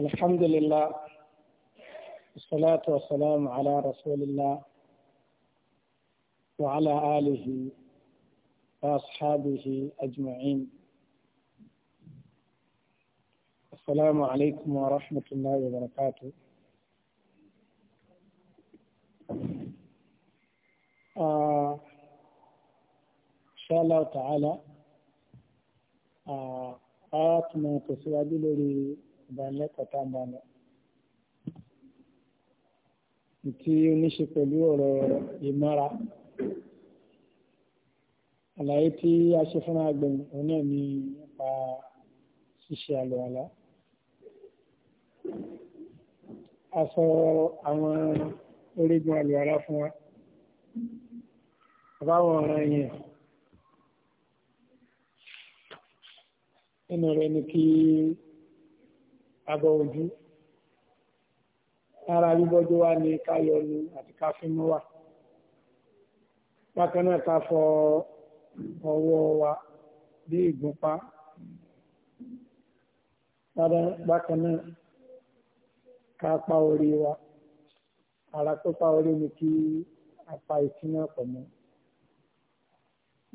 الحمد لله والصلاة والسلام على رسول الله وعلى آله وأصحابه أجمعين السلام عليكم ورحمة الله وبركاته آه إن شاء الله تعالى آه آيات ما تسوى ìdánilẹ́kọ̀ọ́ tá a máa lọ. Ìtí ó ní ṣe pẹ̀lú ọ̀rọ̀ ìmọ́ra. Àlàyé tí a ṣe fún àgbẹ̀yìn òun náà ni nípa ṣíṣe àlùwàlá. A sọ àwọn orígun àlùwàlá fún wa. Àbáwọn ọ̀ràn yẹn. Inú rẹ̀ ni kí abọ́ ojú lára bíbọ́jú wa ni ká yọnu àti ká fínú wà bákan náà ká fọ ọwọ́ wa bí ìgúnpá bákan náà ká pa orí wa ara pípa orí ni kí a pa ìtúná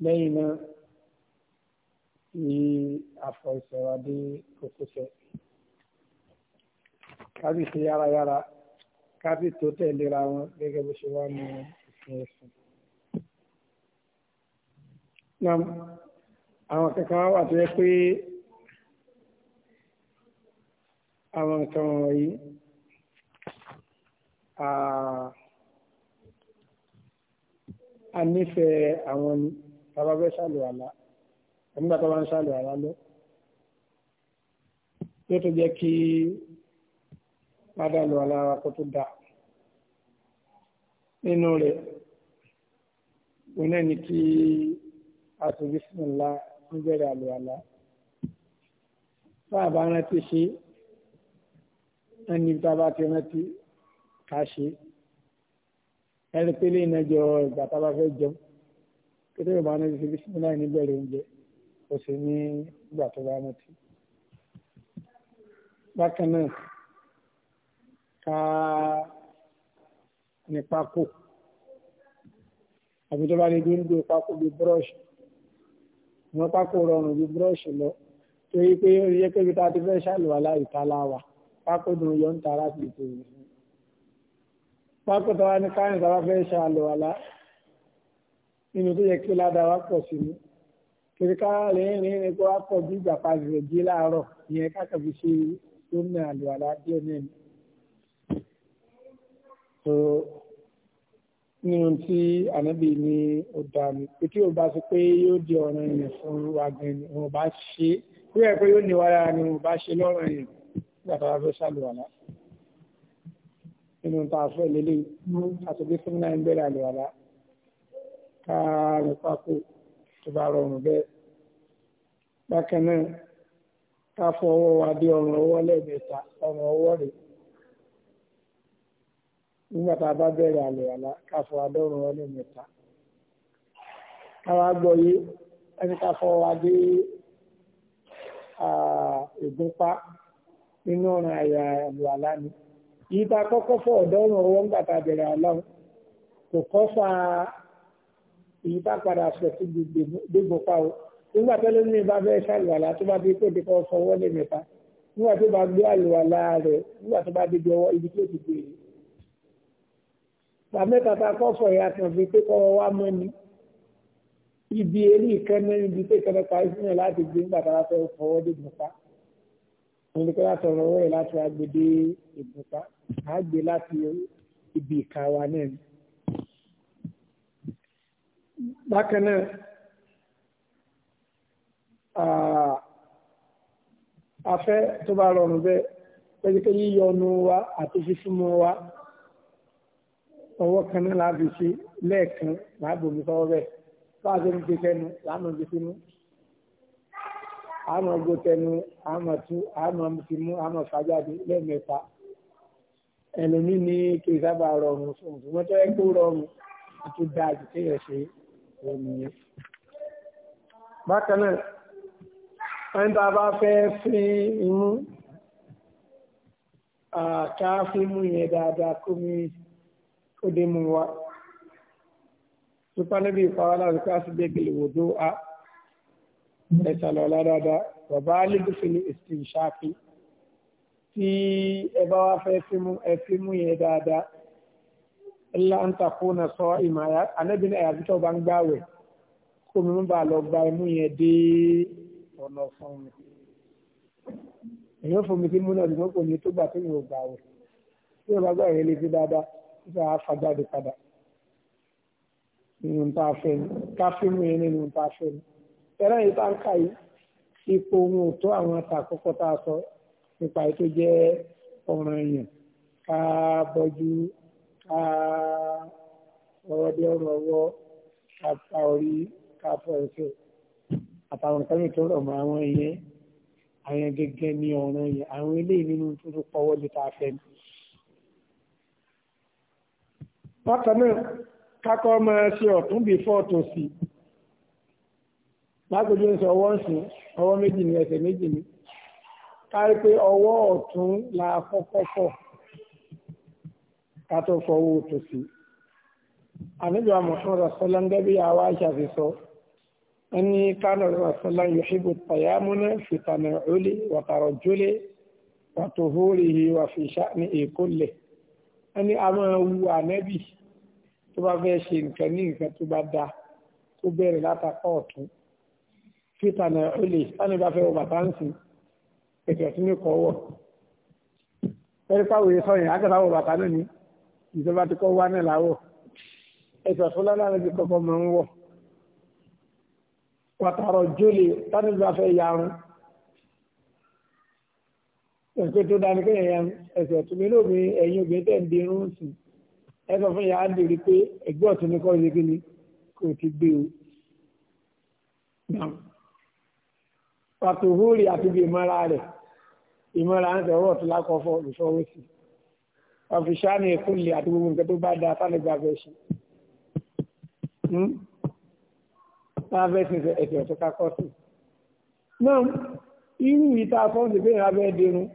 lẹ́yìn náà ni àfọ ìṣẹ̀wádé kókósẹ̀ kábí ṣe yára yára kábí tó tẹ̀léra wọn gẹ́gẹ́ bó ṣe wá ní ìsìn ẹ̀sìn. Nam àwọn kankan wà tó yẹ pé àwọn nǹkan wọ̀nyí a nífẹ̀ẹ́ àwọn ni bàbá bẹ́ẹ̀ ṣàlùwàlá nígbà tó bá ń ṣàlùwàlá lọ. Yóò tó jẹ́ kí ládàlú alára kó tó dáa nínú rẹ̀ òun náà ni kí a tó bísímìlá ń bẹ̀rẹ̀ àlùwàlá bá a bá rántí ṣe ẹni tá a bá ti rántí ká ṣe ẹni pé lè iná ìgbà tá a bá fẹ́ jẹun kété ìgbà náà ti ṣe bísímìlá ní bẹ̀rẹ̀ oúnjẹ kò sí ní ìgbà tó bá rántí. bákan náà ká ní pákó àbí tó bá lè dúró gbé pákó bí búrọ́ọ̀ṣì wọn pákó rọrùn bí búrọ́ọ̀ṣì lọ torí pé ó yẹ kébi tá a ti fẹ́ ṣàlùwàlá ìtàlá wa pákó dùn yọ ń tara sí ètò ìrìn pákó tó wá ní káyìn tó wá fẹ́ ṣàlùwàlá nínú tó yẹ kí ládàá wa pọ̀ sí ni kìrìkà lẹ́yìn rìn kó wá pọ̀ bí ìgbà pàṣẹ jí láàárọ̀ ìyẹn kákàbí ṣe tó ń mẹ́ tó nínú tí ànábì ní ó dá mi pé tí o bá sọ pé yóò di ọ̀ràn èèyàn fún wa gan ni wọn bá ṣe bí wọ́n pé yóò ní wáyà ni wọn bá ṣe lọ́rùn èèyàn nígbà tá a fẹ́ ṣàlùwàlá nínú tá a fẹ́ lélẹ̀ àtòbí fún náà ń bẹ̀rẹ̀ àlùwàlá ká rẹ̀ pákó tó bá rọrùn bẹ́ẹ̀ bákan náà ká fọ ọwọ́ wa dé ọrùn ọwọ́ lẹ́ẹ̀mẹ́ta ọrùn ọwọ́ rèé nígbà tá a bá bẹ̀rẹ̀ àlè àlá ká fọ adọ́rùn ọlẹ́ mẹ́ta káwa gbọ́ yé ẹni ká fọ wa ìgúnpá nínú ọ̀ràn àyà àlè àlá ni yìí tá a kọ́kọ́ fọ ọ̀dọ́rùn ọwọ́ nígbà a bẹ̀rẹ̀ àlá kò kọ́ fa èyí tá a padà sọ sí gbégbópa o nígbà tó lómi bá bẹ́ẹ̀ ṣàlùwàlá tó bá di pé òde kan sọ wọ́lé mẹ́ta nígbà tó bá gbé àlùwàlá rẹ̀ nígbà tó bá di ọwọ́ ibi tó ti gbé rẹ̀. E gbàmẹ́ta ta kọ́fọ̀ ya kan fi pé kọ́ wá mọ́ ni ibi eré ìkànnì ibi tó ìkànnì parí sínú láti gbé nígbà tá a fẹ́ fọwọ́ dé ìgbọ̀npá òun kí láti ọ̀rọ̀ ọwọ́ ẹ̀ láti wá gbé dé ìgbọ̀npá á gbé láti ibi ìka wa náà ni. bákan náà afẹ́ tó bá rọrùn bẹ́ẹ̀ pẹ́ẹ́dẹ́kẹ́ yíyọnu wa àti fífúnmọ́ wa ọwọ́ kan náà láàbì ṣe lẹ́ẹ̀kan láàbòmí sọ́wọ́ bẹ́ẹ̀ fáàbí ń gbé tẹnu láàmú gbé sínú àmọ́ gbó tẹnu àmọ́ tú àmọ́ fi mú àmọ́ fàjáde lẹ́ẹ̀mẹ́ta ẹlòmí ní kí n sábà rọrùn ṣùgbọ́n tó yẹ kó rọrùn àti dáa jù kéèyàn ṣe òun nìyẹn. bákan náà ẹni tá a bá fẹ́ fi imú ká fi mú yẹn dáadáa kó mi ó dé mú wa tupa níbi ìfawọ́lá òkú àsìgbègbè wòdó a ẹ̀sàlọ́lá dáadáa bàbá alébùsùn ní ìsìnṣáàfin tí ẹ bá wá fẹ́ fi mú ẹ fi mú yẹn dáadáa ńlá ń takò náà sọ ìmọ̀ ànábì náà àyàfi tó bá ń gbàwẹ̀ kó mi mú bá lọ gba imú yẹn dé ọ̀nà fún mi èyí ó fún mi sí mú náà ṣùgbọ́n kò ní tó gbà tó yẹn ò gbàwẹ̀ tí ẹ bá gbà yẹn ṣe àfàjáde padà nínú tá a fẹ́ ni káfíìmù yẹn nínú tá fẹ́ ni tẹ́lẹ̀ yìí tá ń kà yìí ipò ohun ò tó àwọn àtàkọ́kọ́ tá a sọ nípa èyí tó jẹ́ ọ̀ràn èèyàn ká bọ́jú ká ọ̀rọ̀ dé ọ̀rọ̀ ọwọ́ ká pa orí ká fọ ẹsẹ̀ àtàwọn nǹkan mi tó rọ̀ mọ́ àwọn ìyẹn àwọn gẹ́gẹ́ ní ọ̀ràn èèyàn àwọn eléyìí nínú tó tó pọ̀wọ́ lè tá fẹ́ ni. bákan náà kákọ́ máa ṣe ọ̀tún bí fọ́ọ̀tún sí i lágbègbè ń sọ ọwọ́ ń sìn ọwọ́ méjì ní ẹsẹ̀ méjì ní kárí pé ọwọ́ ọ̀tún la kọ́kọ́ fọ̀ ká tó fọwọ́ òtòsí àníbà mọ̀sán rasọ́lá ń gẹ́bí àwa àṣàfi sọ ẹni kánà rasọ́lá yòṣìbò tàyámúná fìtànà òlé wàtàrọ̀ jólé wàtòhóríhi wàfìṣà ní èkó lẹ̀ ẹni a máa wu ànẹ́bì tó bá fẹ́ ṣe nǹkan ní nǹkan tó bá dáa tó bẹ̀rẹ̀ látàkọ́ ọ̀tún fíta náà ó lè sani bá fẹ́ wọ bàtà ń sìn ẹ̀kẹ́ tí ní kọ́ wọ̀ ẹ̀rí pàwọ̀ yìí sọ̀yìn àkàtà wọ bàtà náà ni ìjọba ti kọ́ wá náà láwọ̀ ẹ̀kẹ́ tó lọ́la náà kọ́kọ́ máa ń wọ̀ pàtàrọ̀ jólè sani bá fẹ́ yarun ẹ̀kọ́ tó dání kéèyàn ya ẹsẹ̀ tùmí lómi ẹ̀yin obìnrin tẹ̀ ń di irun sí ẹ sọ fún yàrá dèrè pé ẹgbẹ́ ọ̀tún ní kọ́ọ̀lù kí ni kò ti gbé o. pàtó húrì àti ibi ìmọ̀ra rẹ̀ ìmọ̀ra ń sọ̀rọ̀ ọ̀tún lákọ̀ọ́fọ́ olùsọ̀rọ̀ sí ọ̀fìṣàní ìkúnlẹ̀ àti gbogbo nǹkan tó bá da sálẹ̀gbà fẹ́ ṣe. láàbẹ̀ hmm? sí ẹ̀sẹ̀ ọ̀tún kákọ́ sí. náà irú ìta sọ́ọ̀dì pé ìrìn abẹ́ dirun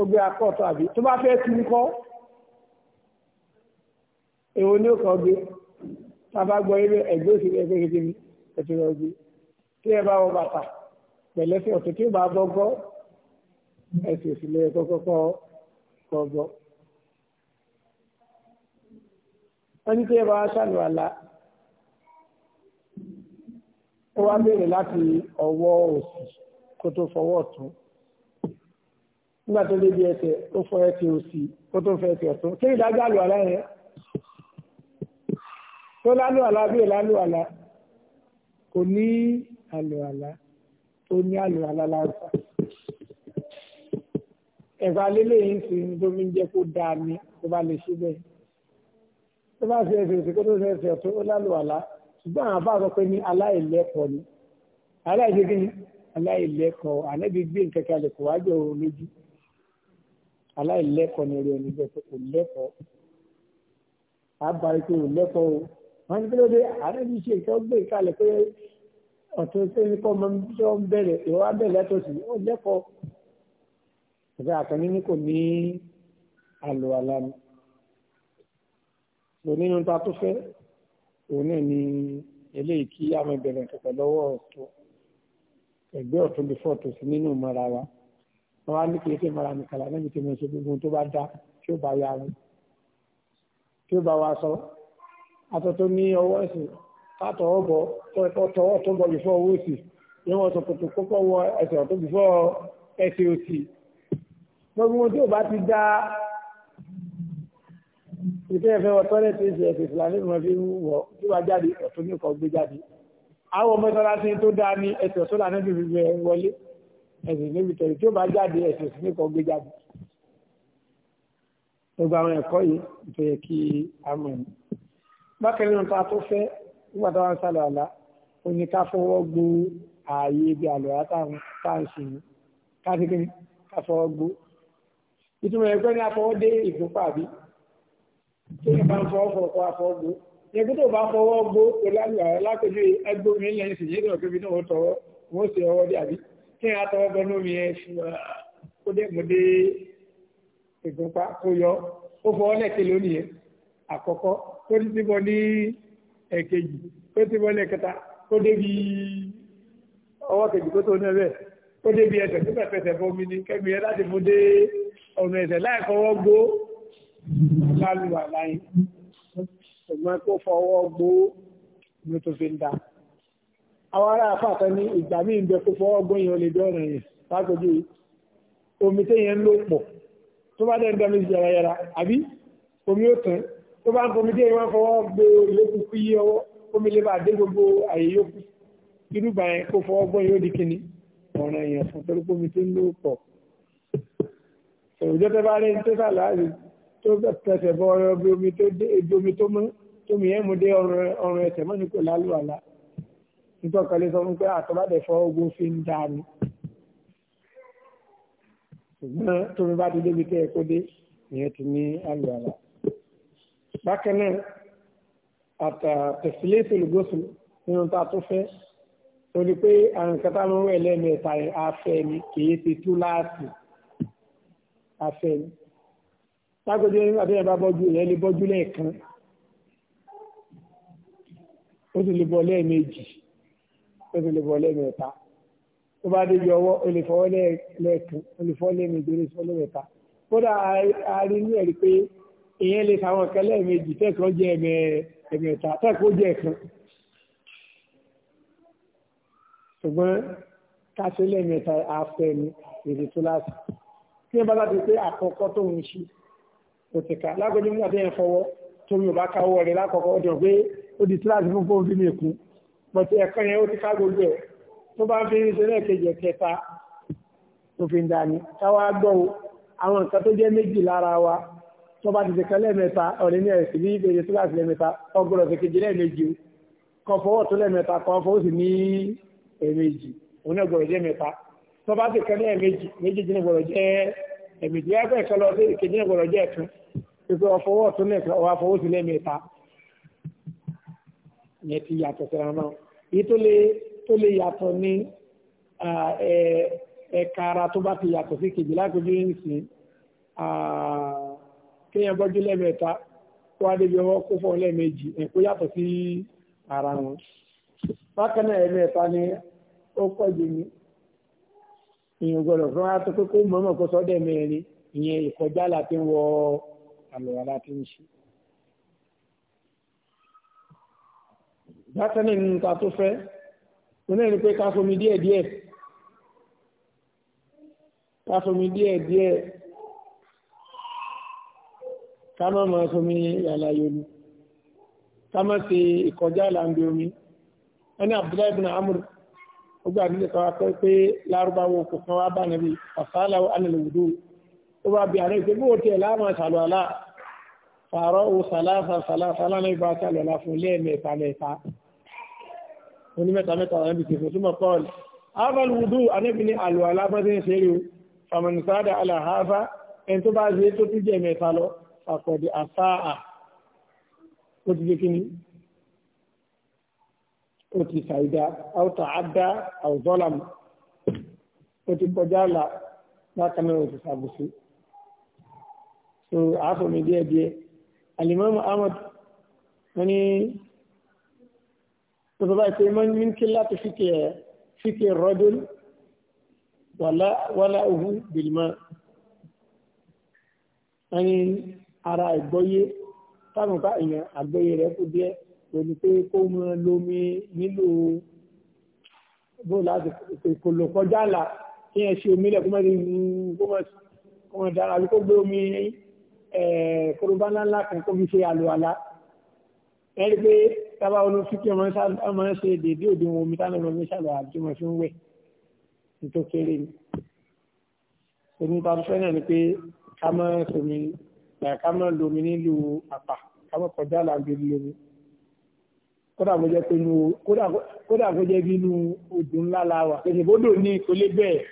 ó gbé akọ́ọ̀tọ̀ àbí tó bá fẹ́ tu kọ́ èwo ni ó kọ́ gbé tábà gbọ́ ilé ẹgbẹ́ òsì ẹgbẹ́ kejì mi ẹtì rẹ̀ gbé tí ẹ bá wọ bàtà pẹ̀lẹ́sẹ̀ ọ̀tọ̀ tí ó bá bọ́ gbọ́ ẹsẹ̀ òsì lẹ́yìn kọ́kọ́ kọ́ gbọ́. wọ́n ní tí ẹ bá wá ṣàlùwàlá ó wá béèrè láti ọwọ́ òsì kó tó fọwọ́ ọ̀tún nígbà tó débi ẹsẹ̀ ó fọ ẹsẹ̀ òsì ó tó fọ ẹsẹ̀ ọ̀tún kí ìdájọ́ àlọ́ àlá yẹn tó lálù àlá bí ìlálù àlá kò ní àlọ́ àlá tó ní àlọ́ àlá lásà ẹ̀fà lélẹ́yìn ń sin tó fi ń jẹ́ kó dáa ní tó bá lè ṣe bẹ́ẹ̀ tó bá fi ẹsẹ̀ òsì kó tó fẹ́ ẹsẹ̀ ọ̀tún ó lálù àlá ṣùgbọ́n àwọn afá sọ pé ní aláìlẹ́kọ̀ọ́ ni aláìlẹ́kọ̀ọ́ ànábi gbé nǹkan kalẹ̀ kò wájọ òun lójú aláìlẹ́kọ̀ọ́ ni orí ẹni bẹ́ẹ̀ kò lẹ́kọ̀ọ́ àbárí pé ò lẹ́kọ̀ọ́ o wọ́n ní kí ló dé àárẹ̀ ní ṣe ìtọ́ gbé ìkàlẹ̀ pé ọ̀tún tó ní kọ́ máa ń tó ń bẹ̀rẹ̀ ìwọ́ abẹ́rẹ́ lẹ́tọ̀ọ̀sì ó lẹ́kọ̀ọ́ ìgbà àkànní ní kò ní àlò àlá ni lò nínú ta tó fẹ́ òun náà ni eléyìí kí àwọn ìbẹ̀rẹ̀ kẹ̀kẹ́ lọ́wọ́ ọ̀tún ẹgbẹ́ ọ̀tún bí fọ́ọ̀tù sí nínú ìmọ̀ra wa wọn á ní kí ẹsẹ̀ mọ́ra nìkan lànà ibi tí mo ṣe gbogbo tó bá dá tí ó bá ya wọn tí ó bá wa sọ aṣọ tó ní ọwọ́ ẹ̀sìn káàtọ̀ ọ̀bọ̀ tọwọ́ tó bọ̀ bìfọ́ owó sí ni wọ́n sọ kòtò kókó wọ ẹsẹ̀ ọ̀tọ̀ bìfọ́ ẹsẹ̀ òsì gbogbo tí ó bá ti dá ìfẹ́ ẹ̀fẹ́ wọ tọ́lẹ̀tì ẹsẹ̀ ẹsẹ̀ ìsìlámù ìmọ̀ fi ẹ̀sìn níbi tẹ̀lé tí ó bá jáde ẹ̀sìn sí nìkan gbé jáde. gbogbo àwọn ẹ̀kọ́ yìí tó yẹ kí a mọ̀ ní. bákan nínú ta tó fẹ́ nígbà tó wà ń sálọ àlá ó ní ká fọwọ́ gbó ààyè ibi àlọ́yà tá à ń ṣe yìí ká ti ká fọwọ́ gbó. ìtumọ̀ ẹ̀kọ́ ni afọwọ́ dé ìfúnpá bí tí ìbá ń fọwọ́ fọwọ́ afọwọ́ gbó ẹgbẹ́ tó bá fọwọ́ gbó pẹ̀lú àlùyà lápẹjú ẹgbómi lẹ́yìn sì tí a tọwọ́ bọ lómi ẹ ṣùgbọ́n ó dé mo dé ìgbọ́npá kó yọ ó fọwọ́ lẹ́kẹ̀ lónìí yẹn àkọ́kọ́ ó ti ti bọ ní ẹ̀kejì ó ti bọ lẹ́kẹta ó débi ọwọ́ kejì kó tó ní ẹbẹ̀ ó débi ẹsẹ̀ tó pẹ̀pẹ̀sẹ̀ bọmi ni kẹ́mi ẹ láti mú dé ọ̀nà ẹsẹ̀ láì fọwọ́ gbó lálùwà láyé ṣùgbọ́n kó fọwọ́ gbó ló tó fi ń dáa àwọn ará àfáàfẹ́ ní ìgbà míì ń bẹ kó fọwọ́ gbóyìn olè dọ́rin yìí lágbèjú omi téèyàn ń lò pọ̀ tó bá dẹ̀ ń dẹ́mi yàrá yàrá àbí omi ó tán tó bá ń pomi téèyàn máa fọwọ́ gbé ìlókù kú yí ọwọ́ omi lè bá dé gbogbo àyè yókù irúgbà yẹn kó fọwọ́ gbóyìn ó di kíni ọ̀ràn èèyàn fún torí pé omi tó ń lò pọ̀ òjò tẹ́ bá rí ní tẹ́sà tó tẹsẹ̀ bọ ọrọ̀ omi tó mọ́ tómi yẹn mú dé ọrùn ẹsẹ̀ nítọ́kọ̀lẹ́ sọ fún pé àtọ́bàdẹ̀ fọ́ ogun fi ń dáa ni ṣùgbọ́n tómi bá ti débi tẹ́ ẹ kó dé ìyẹn ti ní àlùwàlà. bákan náà àtàtẹ̀sílẹ̀ tòlùgọ́sùn nínú tá a tó fẹ́ ó ní pé àwọn nǹkan tá a máa ń wẹ̀ lẹ́ẹ̀mẹ́ta yẹn afẹ́ ni kìí ti tú láàsì afẹ́ ni. lágbèjì nígbà tó yẹ bá bọ́jú ìyẹn lè bọ́jú lẹ́ẹ̀kan ó sì lè bọ́ lẹ́ẹ̀mejì ó lè fọwọ́ lẹ́ẹ̀mẹ́ta tó bá débi ọwọ́ ó lè fọwọ́ lẹ́ẹ̀kan ó lè fọwọ́ lẹ́ẹ̀mejì ó lè fọwọ́ lẹ́ẹ̀mẹ́ta kódà àárí ní ẹ̀rí pé èèyàn lè fàwọn kan lẹ́ẹ̀mejì tẹ́ẹ̀kan jẹ́ ẹ̀mẹ́ta tẹ́ẹ̀kan jẹ́ ẹ̀kan ṣùgbọ́n káṣe lẹ́ẹ̀mẹ́ta afẹ́ ni èdè tó láti kí ẹ bá láti pé àkọ́kọ́ tó ń ṣe kò ti ká lágbẹ́ni nígbà tó yẹn fọwọ́ tó ò bá káwọ́ rẹ̀ lákọ̀ọ́kọ́ ó dẹ̀ ó di tíláàsì fún fóun fi mí kú pọ̀tí ẹ̀kọ́ yẹn ó ti ká gbogbo ẹ̀ tó bá ń fi ní sẹ́lẹ̀ kejì ẹ̀kẹta tó fi ń dání káwá gbọ́ o àwọn nǹkan tó jẹ́ méjì lára wa tó bá ti ṣe kan lẹ́ẹ̀mẹ́ta ọ̀rẹ́ ní ẹ̀sìn bí ìbéèrè síláàsì lẹ́ẹ̀mẹ́ta ọgbọ̀rọ̀ ṣe kejì lẹ́ẹ̀mejì o kọ fọwọ́ tó lẹ́ẹ̀mẹ́ta kọ fọwọ́ sì ní ẹ̀ẹ̀mejì òun náà gbọ́dọ̀ jẹ́ mẹ́ta yẹn ti yàtọ̀ síra náà èyí tó lè tó lè yàtọ̀ ní ẹ̀ka ara tó bá ti yàtọ̀ sí kejì lágbègbè nìsín kéèyàn bọ́jú lẹ́ẹ̀mẹ́ta kó wá débi ọwọ́ kó fọ́ lẹ́ẹ̀mejì kó yàtọ̀ sí ara wọn. bákan náà ẹ̀mẹ́ta ni ó pọ̀ jù ní èèyàn gbọ́dọ̀ fún wa tó pé kó mọ̀ọ́mọ̀ kó sọ́dẹ̀ mẹ́rin ìyẹn ìkọjá láti ń wọ àlùwàlá tí ń ṣe. bákan náà nínú ta tó fẹ́ oní ẹni pé ká fomi díẹ̀ díẹ̀ ká fomi díẹ̀ díẹ̀ ká má máa fomi yàrá yòlù ká má ṣe ìkọjá làǹdí omi ẹni Abdullahi bin Amr ó gbà nílé kan wá pé pé lárúbáwò kò kan wá bá nàbí fàṣálà alẹ́lẹ́wùdó ó bá bí ààrẹ pé bó tiẹ̀ láwọn náà ibà àṣàlọ́ fún ilé ẹ̀mẹ́ta mẹ́ta oní mẹ́ta mẹ́ta ànábì ti fún súnmọ́ paul aval wudu ànábì ní àlùwàlá bá ti ń ṣe rí o fàmìnìsáàdà aláhàfà ẹni tó bá ṣe tó tún jẹ́ mẹ́ta lọ àkọ́dé àfáà ó ti jẹ́ kí ni ó ti ṣàìdá àwòtà àdá àwòzọ́làmù ó ti kọjá là bákan náà ó ti ṣàbùsí so àáfọ̀ mi díẹ̀ díẹ̀ alimami ahmad wọ́n ní. تبقى من كلا تفكي فكي wala ولا ولاؤه بالماء يعني ara ina ìgbọ́yé táwọn ká èèyàn àgbọ́yé rẹ̀ kú díẹ̀ pẹ̀lú pé kó mọ lómi nílò bó láti kò lò kọjá là kí ẹ ṣe omi lẹ̀ kó mọ̀ sí kó mọ̀ dára àbí kó gbé omi kóróbá ńláńlá kan kó fi ṣe àlùwàlá ẹ̀rí pé tábà wọn fi kí ọmọ ẹ ṣe dédé òdiwọ̀n omi táwọn ọmọ mi ṣàlọ́ àti wọn fi ń wẹ̀ nítorí kéré ni. onípa fẹ́ náà ni pé ká mọ́ sómi ká mọ́ lomi nílùú àpà ká mọ́ kọjá làǹdí lomi kódà kó jẹ́ pé inú kódà kó jẹ́ bí inú odò ńlá la wà pèsè bódò ní kò lè bẹ́ẹ̀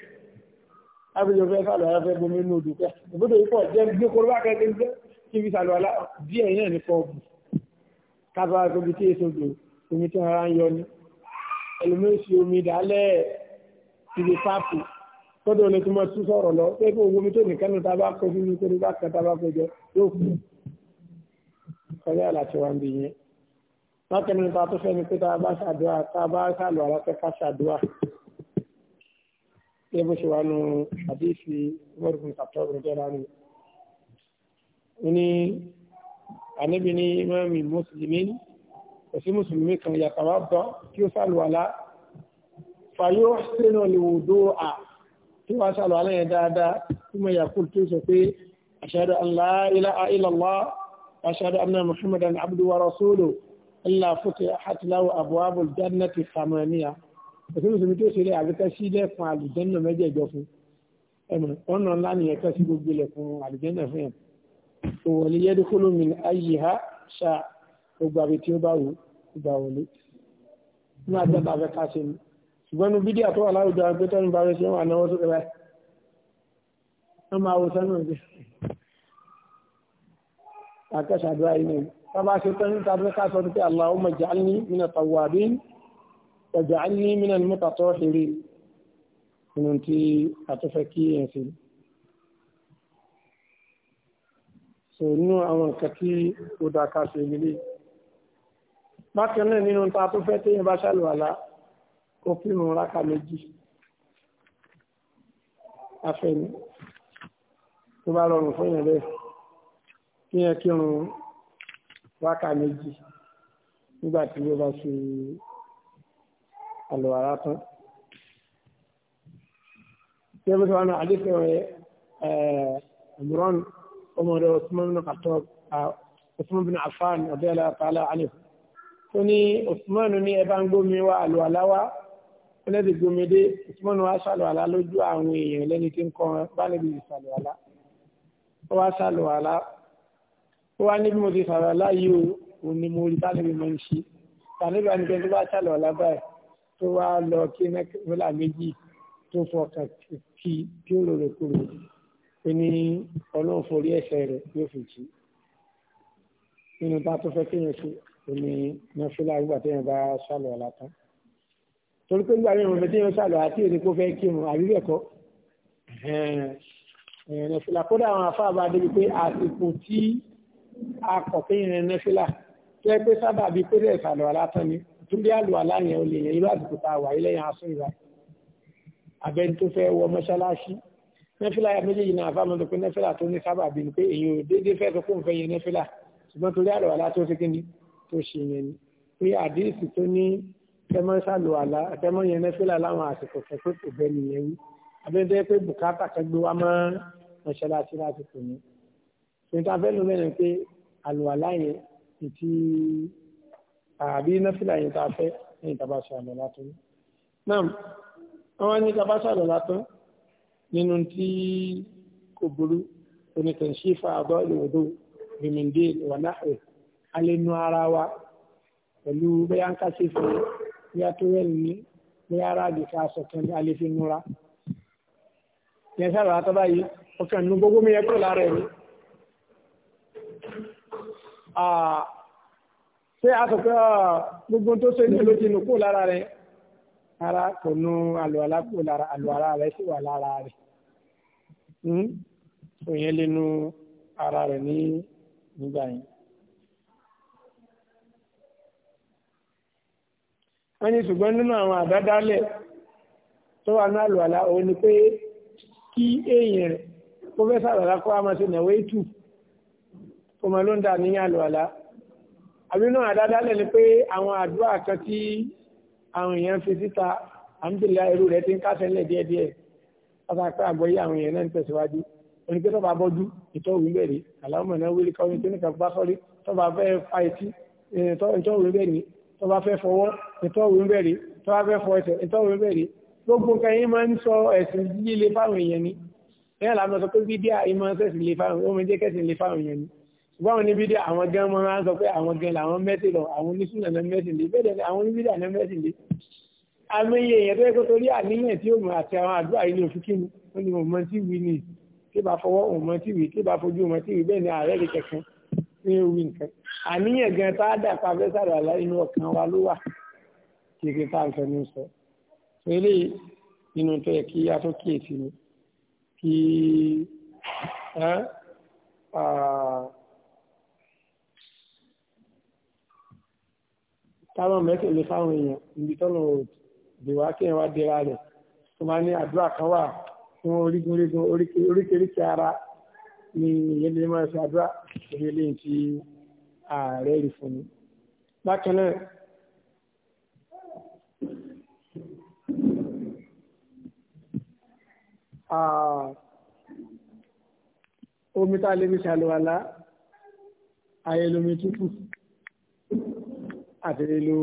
lábẹ́jọ fẹ́ sàlọ̀ ẹ̀ fẹ́ bomi inú odò pẹ́ bódò yìí pọ̀ jẹ́ gbé kóró bá kẹ́kẹ́ jẹ́ kí fi sàlọ̀ díẹ̀ yẹn nípa ọ̀gbìn kábà tóbi tí èso gbò omi tí wọ́n rán yọ ni ẹlòmíìsì omi ìdálẹ́ ìdè pápù tọ́dọ̀ ní tí mo tún sọ̀rọ̀ lọ pé kí owó mi tó nìkan ní tábà kọ sínú kórè bá kan tábà kọjọ yóò kú kọjá àlàtí wa ń bì yẹn bákan nípa tó fẹ́ ni pé tá a bá ṣàdúrà tá a bá ṣàlù aláṣẹ ká ṣàdúrà bí bó ṣe wà nù àdéhìí mọ́rùkùn tàbí ọ̀rùn jẹ́ra nù àníbi ní mẹ́rin mùsùlùmí kò sí mùsùlùmí kan yàtàwà bọ́ kí ó sàlùwàlá fàyó sínú ìwòdó à tí wọ́n sàlùwàlá yẹn dáadáa tí mo yàkú tó sọ pé ashhadu an la ilaha illallah ashhadu anna muhammadan abduhu wa rasuluhu illa futihat lahu abwabul jannati thamaniya kò sí mùsùlùmí tó ṣe rẹ̀ àbíkẹ́ sí lẹ́kùn àlùjẹ́nà mẹ́jẹ̀jọ fún ẹ̀mọ̀ ọ̀nà ńlá nìyẹn kẹ́ sí gbogbo lẹ́kùn àlùjẹ́nà fún ẹ̀mọ̀ òwòlé yẹ́dúkúlù mi ayé ha ṣá gbogbo àbí tí ó bá wù gbà wọlé ní àgbàdo àfẹ́ ká ṣe ni ṣùgbọ́n ní bídíà tó wà láwùjọ àgbẹ̀ tẹ́nu bá rẹ̀ ṣe wà náwó tó kẹlẹ́ wọ́n máa wo sẹ́nu ọ̀gbẹ́ àkẹ́ṣàdúrà yìí bàbá ṣe tán níta fẹ́ ká sọ pé Allahumma ja'alni mina tawwabin wa ja'alni mina al-mutatahhirin nínú tí a tó fẹ́ kí ẹ̀ ń so inú àwọn nǹkan tí ó dá ká ṣe nílé bákan náà nínú ta tó fẹ́ téèyàn bá ṣàlùwàlá ó pinnu ráka méjì afẹ́ni tó bá rọrùn fún yẹn bẹ́ẹ̀ kí yẹn kírun ráka méjì nígbà tí ó bá ṣe àlùwàlá tán. Ṣé bí wọ́n á àdéhùn ẹ̀ ẹ̀mùrán ọmọ rẹ̀ Usman bin Khattab Usman bin Affan ọ̀dẹ́lá tààlà ànìf tó ní Usman ní ẹbá ń gbómi wá àlùwàláwá ẹlẹ́dì gbomidé Usman wá ṣàlùwàlá lójú àwọn èèyàn lẹ́ni tí ń kọ́ bá níbi ìṣàlùwàlá ó wá ṣàlùwàlá ó wá níbi mo ti ṣàlùwàlá yìí ò ní mo rí tánibí mo ń ṣe tàníbi àníkẹ́ tó bá ṣàlùwàlá báyìí tó wá lọ kí nẹ́kẹ́lá méjì tó fọkàn kí kí ó rò rò kúrò ní ọlọ́run forí ẹ̀ṣẹ̀ rẹ̀ yóò fi jì nínú bá tó fẹ́ kéèyàn sí ní nọ́fílà nígbà téèyàn bá ṣàlọ̀ ọ̀la tán torí pé nígbà yẹn òfin téèyàn ṣàlọ̀ àti èrè kó fẹ́ kírun àríwẹ̀kọ́ nọ́fílà kódà àwọn afá bá débi pé àsìkò tí a kọ̀ kéèyàn nọ́fílà tó yẹ pé sábà bíi pé rẹ̀ ṣàlọ̀ ọ̀la tán ni túndé àlọ́ àlá yẹn ò lè yẹn irú àsìkò tá a wà ilẹ̀ yẹn asún ìwà abẹ́ni tó fẹ́ wọ mọ́ṣáláṣí nẹ́fílà méjèèjì náà fáwọn ọmọdé pé nẹ́fílà tó ní sábà bí pé èyí ò déédéé fẹ́ sọ fún ìfẹ́yẹ nẹ́fílà ṣùgbọ́n torí àlùwàlá tó ṣe kí ni tó ṣe yẹn ni pé àdéhìsì tó ní tẹmọ ṣàlùwàlá tẹmọ yẹn nẹ́fílà láwọn àsìkò kan kò bẹ́ẹ̀ nìyẹn wí abẹ́ńdẹ́ pé bùkátà kan gbé wá mọ́ mọ́ṣáláṣí láti kò ní. ṣèǹtà fẹ́ mẹ́rin pé àlùwàlá yẹn ti àbí nẹ́fílà yẹn tá a fẹ́ ní ìtàbáṣà àlùwàlá tó ní. náà wọ́n ní ìtàbáṣà àlùwàlá tó nínú tí kò burú onítẹ̀sífà àbọ̀ ìwòdó bìmìndé wànáhẹ̀ alẹ́nu ara wa pẹ̀lú bẹ́yà ń kásí fún bẹ́yà tó rẹ̀ ní bẹ́yà ara àgbẹ̀ká sọ̀tàn ní alẹ́ fi múra. yẹn sábà àtọ́bá yìí ọkàn nínú gbogbo mi yẹ kúrò lára ẹ̀ ní. ṣé a sọ pé gbogbo tó ṣe ní ìlú ti nù kúrò lára rẹ̀ ara kò nu àlùwàlá kò lára àlùwàlá rẹ̀ sì wà lára rẹ̀ hmm? òyìn lè nu ara rẹ̀ ní nígbà yẹn. wọ́n ní ṣùgbọ́n nínú àwọn àdádálẹ̀ tó wà ní àlùwàlá òun ni pé kí èèyàn kó fẹ́ sàlùwàlá kó a máa ṣe nàwó ètù kó máa ló ń dà ní àlùwàlá àbínú àdádálẹ̀ ni pé àwọn àdúrà kan tí àwọn èèyàn fi síta àmúdìlá irú rẹ̀ ti ń kásẹ̀ ńlẹ̀ díẹ̀díẹ̀ ọba pé àgbọ̀yé àwọn èèyàn náà ń tẹ̀síwájú oníkẹ́ tọ́ba bọ́jú ìtọ́wé bẹ̀rẹ̀ àlámọ̀ náà wílé kọ́ni tó nìkan bá sọ́rí tọ́ba fẹ́ fa etí ìtọ́wé bẹ̀rẹ̀ tọ́ba fẹ́ fọwọ́ ìtọ́wé bẹ̀rẹ̀ tọ́ba fẹ́ fọ ẹsẹ̀ ìtọ́wé bẹ̀rẹ̀ gbogbo nǹkan yìí máa ń sọ ẹ̀sìn líle fáwọn èèyàn ni ẹ̀yà làmọ́ sọ pé bídíà ìmọ̀ sẹ́sìn lè fáwọn èèyàn ni ṣùgbọ́n níbi dé àwọn gan mọ́ máa ń sọ pé àwọn gan làwọn mẹ́sìn lọ àwọn oníṣúná náà mẹ́sìn lé bẹ́ẹ̀ ni àwọn oníbídà náà mẹ́sìn lé àmì èèyàn tó yẹ kó torí àníyàn tí ó mọ àti àwọn àdúrà ilé òfin kí ni ó ní òun mọ tí wí ni kí bá fọwọ́ òun mọ tí wí kí bá fojú òun mọ tí wí bẹ́ẹ̀ ni ààrẹ lè kẹ̀kẹ́ ní orí nǹkan àníyàn gan tá a dà pa fẹ́ inú ọkàn wa ló wà táwọn mẹ́tẹ̀lé fáwọn èèyàn níbi tọ́nà ìdìwà kí wọ́n dira rẹ̀ tó máa ní àdúrà kan wà fún orígun oríkèéríkèé ara ní ìyẹn lè máa ṣe àdúrà ìyẹn lè ti ààrẹ rí fún mi. bákan náà omi tá a lè fi ṣàlùwàlá ayélujára tútù àti lílo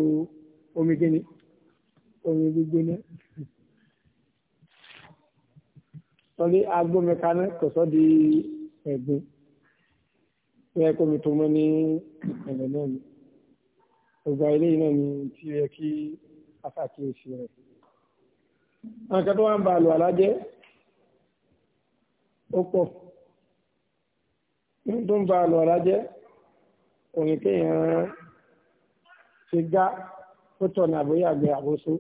omi kíni omi gbígbóná. Sọ́dí agbómi kaná kò sọ́ di ẹ̀gbin. Bẹ́ẹ̀ kó mi tó mọ́ ní ẹ̀rọ náà ni. Ògbà eléyìí náà ni tí ó yẹ kí afákíyèsí rẹ̀. Àwọn tó wá ń ba àlùwàlá jẹ́ ó pọ̀. Ní tó ń ba àlùwàlá jẹ́ òun ṣe gá ó tọ̀nà àbóyá àgbẹ̀ àbóso.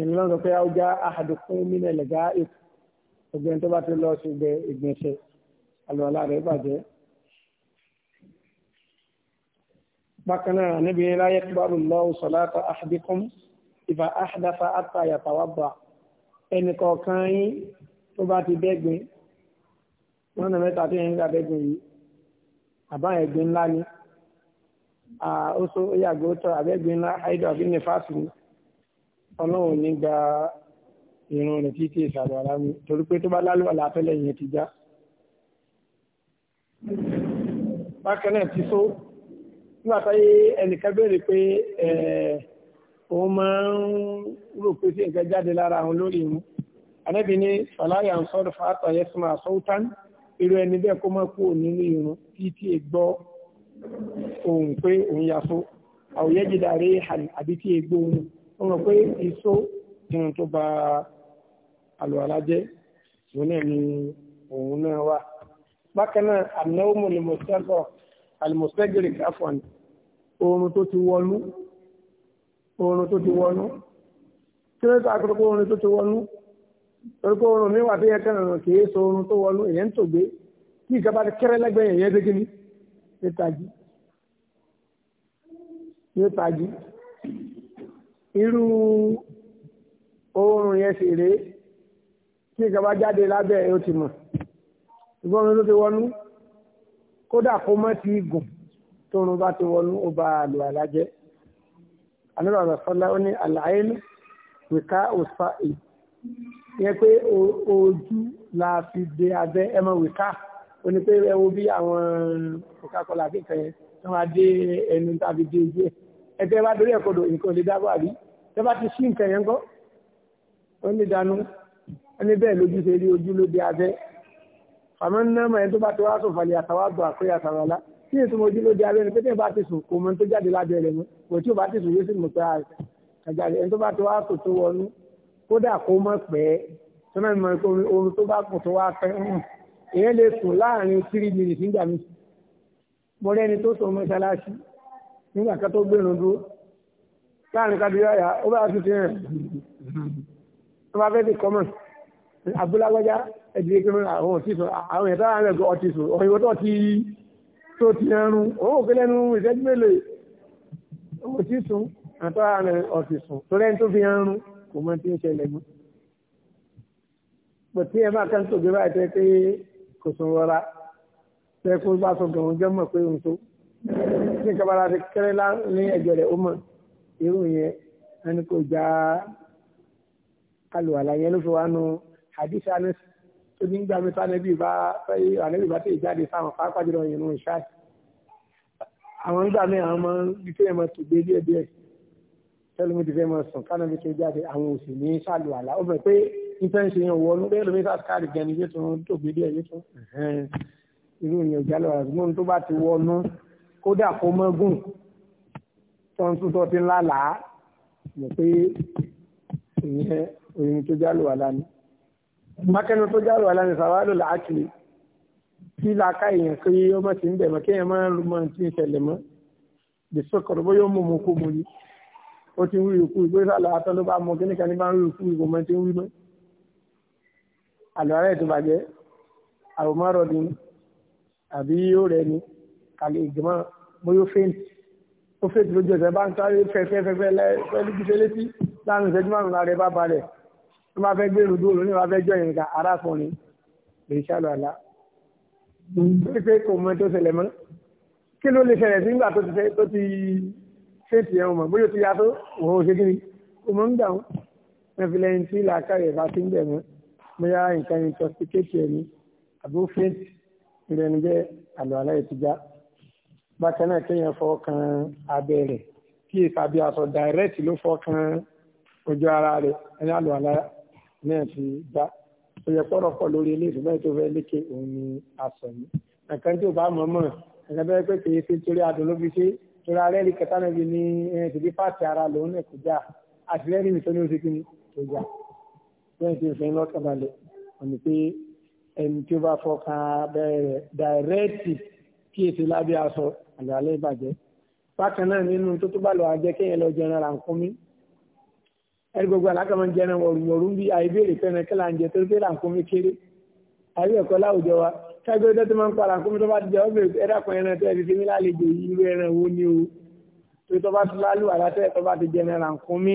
ìlú náà sọ pé ó já àdùkún nílẹ̀ lẹ́gá èkó ọgbẹ́ni tó bá ti lọ sí ibẹ̀ ìgbẹ̀nsẹ̀ àlùwàlá rẹ̀ bàjẹ́. bákan náà níbi láyé kúbárù lọ́wọ́ sọ̀láta àdìkún ìfà àdáfà àtàyàtàwàbà ẹnì kọ̀ọ̀kan yín tó bá ti dẹ́gbin wọ́n ó so ó yàgò tọ́ àbẹ́gbẹ́ ńlá àìdọ̀ àbí ní fásitì ọlọ́run ní gba irun rẹ̀ títí ìsàlọ̀ ara mi torí pé tó bá lálùwà láfẹ́lẹ̀ yẹn ti já. bákan náà ti so nígbà táyé ẹnìkan béèrè pé òun máa ń rò pé sí nǹkan jáde lára àwọn lórí ìmú ànábì ní fàlàyà ń sọ́dọ̀ fàátà yẹsùn àsọ́wọ́tán irú ẹni bẹ́ẹ̀ kó má kú nínú irun títí ègbọ́ ohun pé òun ya fún àwòyẹ jìdá rẹ àbí kí egbò ohun ó mọ̀ pé iṣó ohun tó ba àlùwàlá jẹ́ òun náà ni òun náà wà. bákan náà ànáwó mo lè mọ̀ sẹ́kọ̀ àlùmọ̀sẹ́gìrì káfọ̀n oorun tó ti wọnú oorun tó ti wọnú kí ló ń ta àkókò oorun tó ti wọnú orúkọ oorun mi wà tó yẹ kẹ́rin ọ̀nà kì í so oorun tó wọnú èyẹ ń tògbé kí ìjọba kẹrẹ lẹ́gbẹ̀ẹ́ yẹn dégé ní níta jí yóò tají irú oorun yẹn sì rèé tí ìjọba jáde lábẹ́ ẹ̀ ó ti mọ̀ ṣùgbọ́n mi ló ti wọnú kódà kó mọ́ ti gùn tóorun bá ti wọnú ó bá a lò àlájẹ́ àníbà àbàfọ́lá ó ní àlàyé wìká òṣà ì yẹ pé ojú la fi de abẹ́ ẹ mọ wìká ó ní pé ẹ wo bí àwọn òkàkọ́lá àbíkan tí wọ́n dé ẹnu tàbí dé ojú ẹ̀ ẹgbẹ́ bá dorí ẹ̀kọ́dọ̀ nǹkan lè dábàá rí tẹ́ bá ti sí nǹkan yẹn kọ́ ó ní ìdánú ẹni bẹ́ẹ̀ lójú ṣe rí ojú ló dé abẹ́ àmọ́ ní náà ẹni tó bá ti wá sùn falẹ̀ àtàwọn àgbà àkóyè àtàwọn ọ̀la tí èso mo ojú ló abẹ́ ni pété bá ti sùn kò mọ tó jáde lábẹ́ rẹ̀ mọ́ kò tí ò bá ti sùn yóò sì mọ̀ pé àjàre ẹni tó bá ti wá sùn tó wọnú kódà kó mọ̀ pẹ́ sọ́nà ìmọ̀ ìkórè oorun tó bá kù tó wá pẹ́ hàn lè sùn láàrin three minutes nígbà míì bọ́dẹ́ ni tó sọmọ ìṣaláṣí nígbà kan tó gbẹ̀rún dúró láàrin kàdúyàyà ó bá tún ti rìn tó bá fẹ́ ti kọ́mọ̀ abúlágbájá ẹ̀dí ẹgbẹ̀rún àwọn òtíso àwọn ẹ̀dá àwọn ẹ̀gbẹ̀ ọtíso òyìnbó tó ti tó ti ẹrun òun òkè lẹ́nu ìṣẹ́jú mélòó òtíso àtọ́ àwọn ọtíso tó lẹ́ni tó fi ẹrun kò mọ tí ń ṣẹlẹ̀ mọ́ pọ̀ tí ẹ máa kán tó gbé báyìí tẹ́ pé kò sùn rọra bẹ́ẹ̀ kó bá sọ gàwọn jẹ́ mọ̀ pé òun tó ní kabara ti kẹ́rẹ́ lá ní ẹ̀jẹ̀ rẹ̀ ó mọ̀ irú yẹn ẹni kò já alùwàlà yẹn ló fi wá nu hadith anis tó ní gbà mí sáni bí bá ànábì bá tẹ̀ jáde sáwọn pàápàá jùlọ yẹn nù ṣáì àwọn gbà mí àwọn máa ń bí kéèyàn máa tó gbé díẹ̀ díẹ̀ tẹ́lẹ̀ mi ti fẹ́ máa sùn kánà mi ti jáde àwọn òsì ní sàlùwàlà ó bẹ̀ pé ìfẹ́ ń ṣe yẹn wọ́n bẹ́ẹ̀ lómi sàkárì gẹ̀ irú ìyẹn ìjà lọ́wọ́ àgbọ̀n tó bá ti wọnú kódà kó mọ́gùn tó ń túntọ́ ti ń lálàá mọ̀ pé ìyẹn òyìn tó já lọ́wọ́ lánàá. mákẹ́nu tó já lọ́wọ́ lánàá sàwọn àlọ́ làákìlì tí làákà èèyàn pé ọmọ ti ń bẹ̀ mọ́ kéèyàn máa ń lu mọ́ ti ń ṣẹlẹ̀ mọ́ gbèsè kọ̀rọ̀ bóyá ó mú mu kó mu ni ó ti ń rí ikú ìgbé sálọ atọ́ ló bá mọ kí nìkan ní bá ń rí ikú ìgbó mọ́ ti ń rí mọ́ àlọ́ ara ẹ̀ tó bàjẹ́ àbí yóò rẹ̀ ni kàlẹ́ ìgbìmọ̀ bóyá ó fẹ́ǹtì ó fẹ́ǹtì lójú ẹsẹ̀ bá ń sáré fẹ́fẹ́fẹ́fẹ́ lẹ́ẹ̀lú gbígbé létí láàrin ìṣẹ́jú márùn-ún lára ẹ bá balẹ̀ tó bá fẹ́ gbé ìrùdú òun ní wàá fẹ́ jọ ìrìn ká arákùnrin lè ṣàlù àlá pé kò mọ tó ṣẹlẹ̀ mọ́ kí ló lè ṣẹlẹ̀ sí nígbà tó ti fẹ́ǹtì ẹ̀ mọ̀ bóyá ó ti ya tó òun ò ṣe kí ni kò mọ̀ ń gbà wọn mẹ́fìlẹ́yìn ilé ẹni bẹ́ẹ̀ àlọ́ aláì ti já bákan náà kéèyàn fọ́ kan abẹ́ rẹ̀ kí ìka bí aṣọ direct ló fọ́ kan ojú ara rẹ̀ ẹni àlọ́ alá náà ti já ó yẹ pọ́rọ̀ pọ̀ lórí ilé ìdúgbò tó fẹ́ lékè òun ni aṣọ yìí nǹkan tí ò bá mọ̀ mọ̀ nǹkan tó yẹ pé kì í ṣe torí adùn ló fi ṣe torí alẹ́ rí kẹta náà bí ní tìbí pàṣẹ ara lòun náà kò já àtìlẹ́yìn nìkan ní oṣù kìíní kò já bẹ́ẹ̀ ti fẹ́ lọ́kàn balẹ̀ òní pé ẹni tí ó bá fọkàn abẹ́rẹ́ dàrẹ́ẹ̀tì kí èsì lábẹ́ aṣọ àgbàlẹ́ ìbàjẹ́ bákan náà nínú tó tó bá lọ àjẹ kéèyàn lọ jẹran rànkúnmí ẹni gbogbo alákàmọ́ jẹran wọ̀rùwọ̀rù ń bí àìbéèrè fẹ́ràn kí là ń jẹ torí pé rànkúnmí kéré àbí ẹ̀kọ́ láwùjọ wa kájọ́ ìjọ tó máa ń pa rànkúnmí tó bá ti ọ́bẹ̀ ẹ̀dàkùn ẹran tẹ́ fi fi lálejò irú ẹran wo ni o tó tó bá ti lálù àlàtẹ́ tó bá ti jẹran rànkúnmí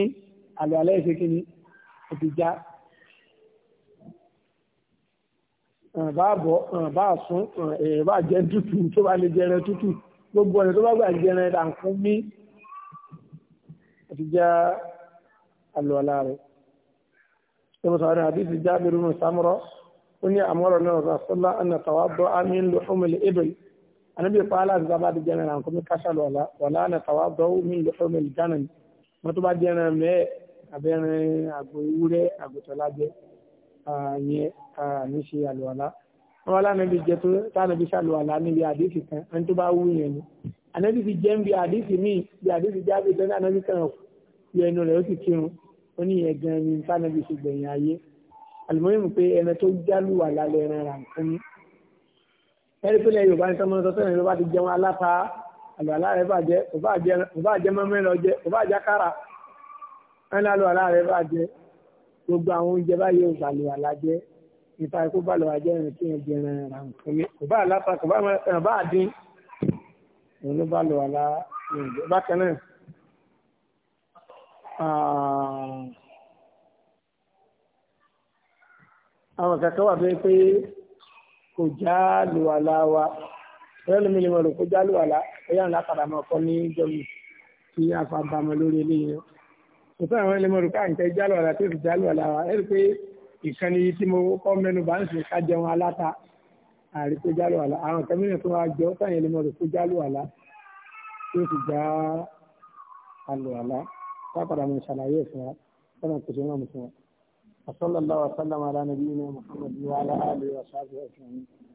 àlọ́ àlẹ́ ìṣe kíni òtìjà báàbọ̀ báàsún bá jẹ́ tútù tó bá lè jẹrẹ tútù gbogbo ọ̀nà tó bá gbà jẹrẹ dànkún mí àti já àlùwàlá rẹ̀. Ṣébùsọ̀ sọ̀rọ̀ àdìsí Jábir ibn Samura ó ní àmọ́rọ̀ náà rà sọ́lá àna tawaddu'a min luhumil ibil. Ànábì pa aláàbí bá bá di jẹrẹ dànkún mí káṣá lọ́la wàlá àna tawaddu'u min luhumil ghanam. Wọ́n tó bá jẹrẹ mẹ́ẹ̀ yẹn ní ṣe àlùwàlá wọn lánàbí jẹ tó tánàbí ṣàlùwàlá níbi àdéhìí kan ẹni tó bá wú yẹn ni ànábì ti jẹ́ ń bi míì bí àdéhìí jáde tó ní ànábì kan yọ ẹnu rẹ̀ ó sì kírun ó ní yẹn gan ni tánàbí ṣe gbẹ̀yìn ayé àlùmọ́yìn pé ẹni tó jálùwàlá lẹ́ran rà nǹkan ní ẹni pínlẹ̀ yorùbá ní sọmọ sọsọ ìrìnlọ́wọ́ ti jẹun aláta àlùwàlá rẹ̀ bàjẹ́ kò bá jẹ mọ́mẹ́rin ọjẹ́ kò bá jẹ kára ẹni àlùwàlá rẹ̀ bàjẹ́ gbogbo àwọn oúnjẹ báyìí ò balùwà lájẹ́ nípa ikú balùwà jẹ́ ìrìn kí n jẹ ẹran ẹ̀rà nǹkan mi kò bá àlàpà kò bá ẹ̀ràn bá dín òun ló balùwà lá ìrìn bákan náà. àwọn kankan wà bẹ́ẹ̀ pé kò já lùwà láwa bẹ́ẹ̀ lómi ni mo rò kó já lùwà lá ẹ̀yà ńlá padà máa kọ́ ní jọ́mi kí a fa bàmọ́ lórí eléyìí náà kò sáà àwọn ẹlẹ́mọ̀ rúkà nǹkan jálù ọ̀la tó fi jálù ọ̀la wa ẹ̀rí pé ìkànnì tí mo kọ́ mẹ́nu bá ń sìn ká jẹun aláta àrí pé jálù ọ̀la àwọn kẹ́mínà tó máa jọ sáà ẹlẹ́mọ̀ rúkà jálù ọ̀la tó fi já alù ọ̀la pápára mo ṣàlàyé fún wa sọ́nà kò sí wọn mọ̀ fún wa. وصلى الله وسلم على نبينا محمد